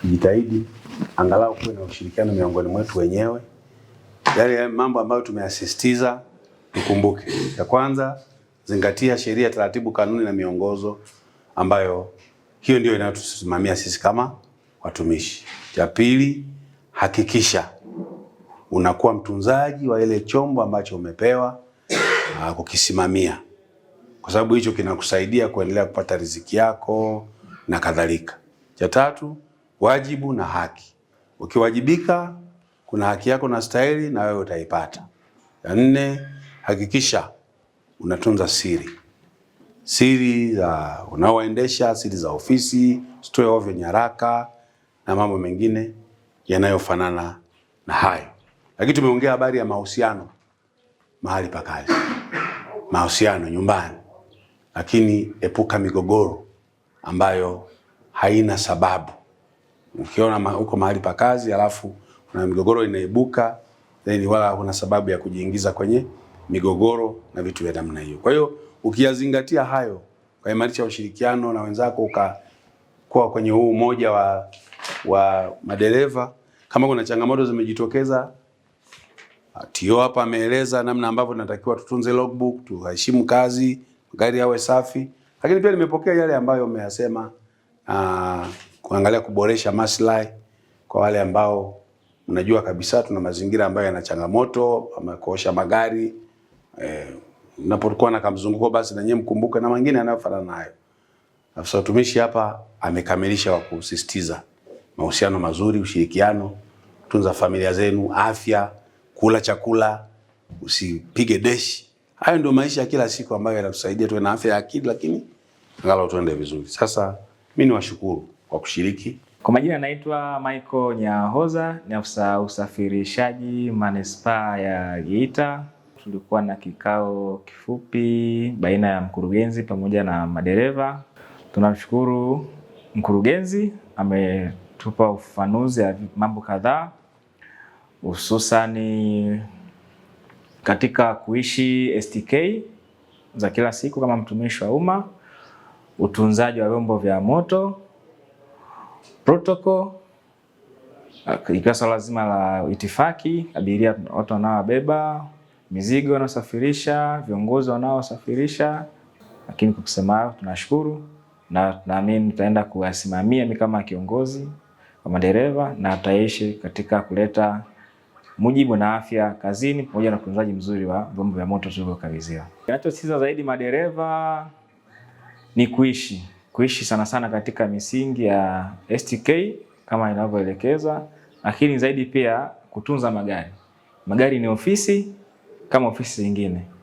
Tujitahidi angalau kuwe na ushirikiano miongoni mwetu wenyewe. Yale mambo ambayo tumeyasisitiza tukumbuke. Ya kwanza, zingatia sheria, taratibu, kanuni na miongozo ambayo hiyo ndio inayotusimamia sisi kama watumishi. Cha pili, hakikisha unakuwa mtunzaji wa ile chombo ambacho umepewa ah, kukisimamia, kwa sababu hicho kinakusaidia kuendelea kupata riziki yako na kadhalika. Cha tatu wajibu na haki. Ukiwajibika, kuna haki yako na stahili, na wewe utaipata. Ya nne, hakikisha unatunza siri, siri za unaoendesha, siri za ofisi, usitoe ovyo nyaraka na mambo mengine yanayofanana na hayo. Lakini tumeongea habari ya mahusiano mahali pa kazi, mahusiano nyumbani, lakini epuka migogoro ambayo haina sababu ukiona ma, uko mahali pa kazi alafu kuna migogoro inaibuka, then wala huna sababu ya kujiingiza kwenye migogoro na vitu vya namna hiyo. Kwa hiyo ukiyazingatia hayo, ukaimarisha ushirikiano na wenzako, ukakuwa kwenye huu umoja wa, wa madereva, kama kuna changamoto zimejitokeza Tio hapa ameeleza namna ambavyo tunatakiwa tutunze logbook, tuheshimu kazi, gari yawe safi. Lakini pia nimepokea yale ambayo umeyasema ah, kuangalia kuboresha maslahi kwa wale ambao mnajua kabisa tuna mazingira ambayo yana changamoto, kuosha magari eh, napokuwa na kamzunguko basi na nyinyi mkumbuke na mengine yanayofanana nayo. Afisa utumishi hapa amekamilisha wa kusisitiza mahusiano mazuri, ushirikiano, tunza familia zenu, afya, kula chakula, usipige deshi. Hayo ndio maisha ya kila siku ambayo yanatusaidia tuwe na afya ya akili, lakini angalau tuende vizuri. Sasa mimi niwashukuru kwa kushiriki. Kwa majina naitwa Michael Nyahoza, ni afisa usafirishaji manispaa ya Geita. Tulikuwa na kikao kifupi baina ya mkurugenzi pamoja na madereva. Tunamshukuru mkurugenzi, ametupa ufafanuzi ya mambo kadhaa, hususani katika kuishi STK za kila siku kama mtumishi wa umma, utunzaji wa vyombo vya moto protocol, uh, ikiwa swala zima la itifaki, abiria, watu wanaobeba mizigo wanaosafirisha, viongozi wanaosafirisha. Lakini kwa kusema hayo, tunashukuru na tunaamini tutaenda kuwasimamia mimi kama kiongozi wa madereva na tutaishi katika kuleta mujibu na afya kazini pamoja na utunzaji mzuri wa vyombo vya moto tulivyokabidhiwa. Kinachosisitiza zaidi madereva ni kuishi kuishi sana sana katika misingi ya STK kama inavyoelekeza, lakini zaidi pia kutunza magari. Magari ni ofisi kama ofisi zingine.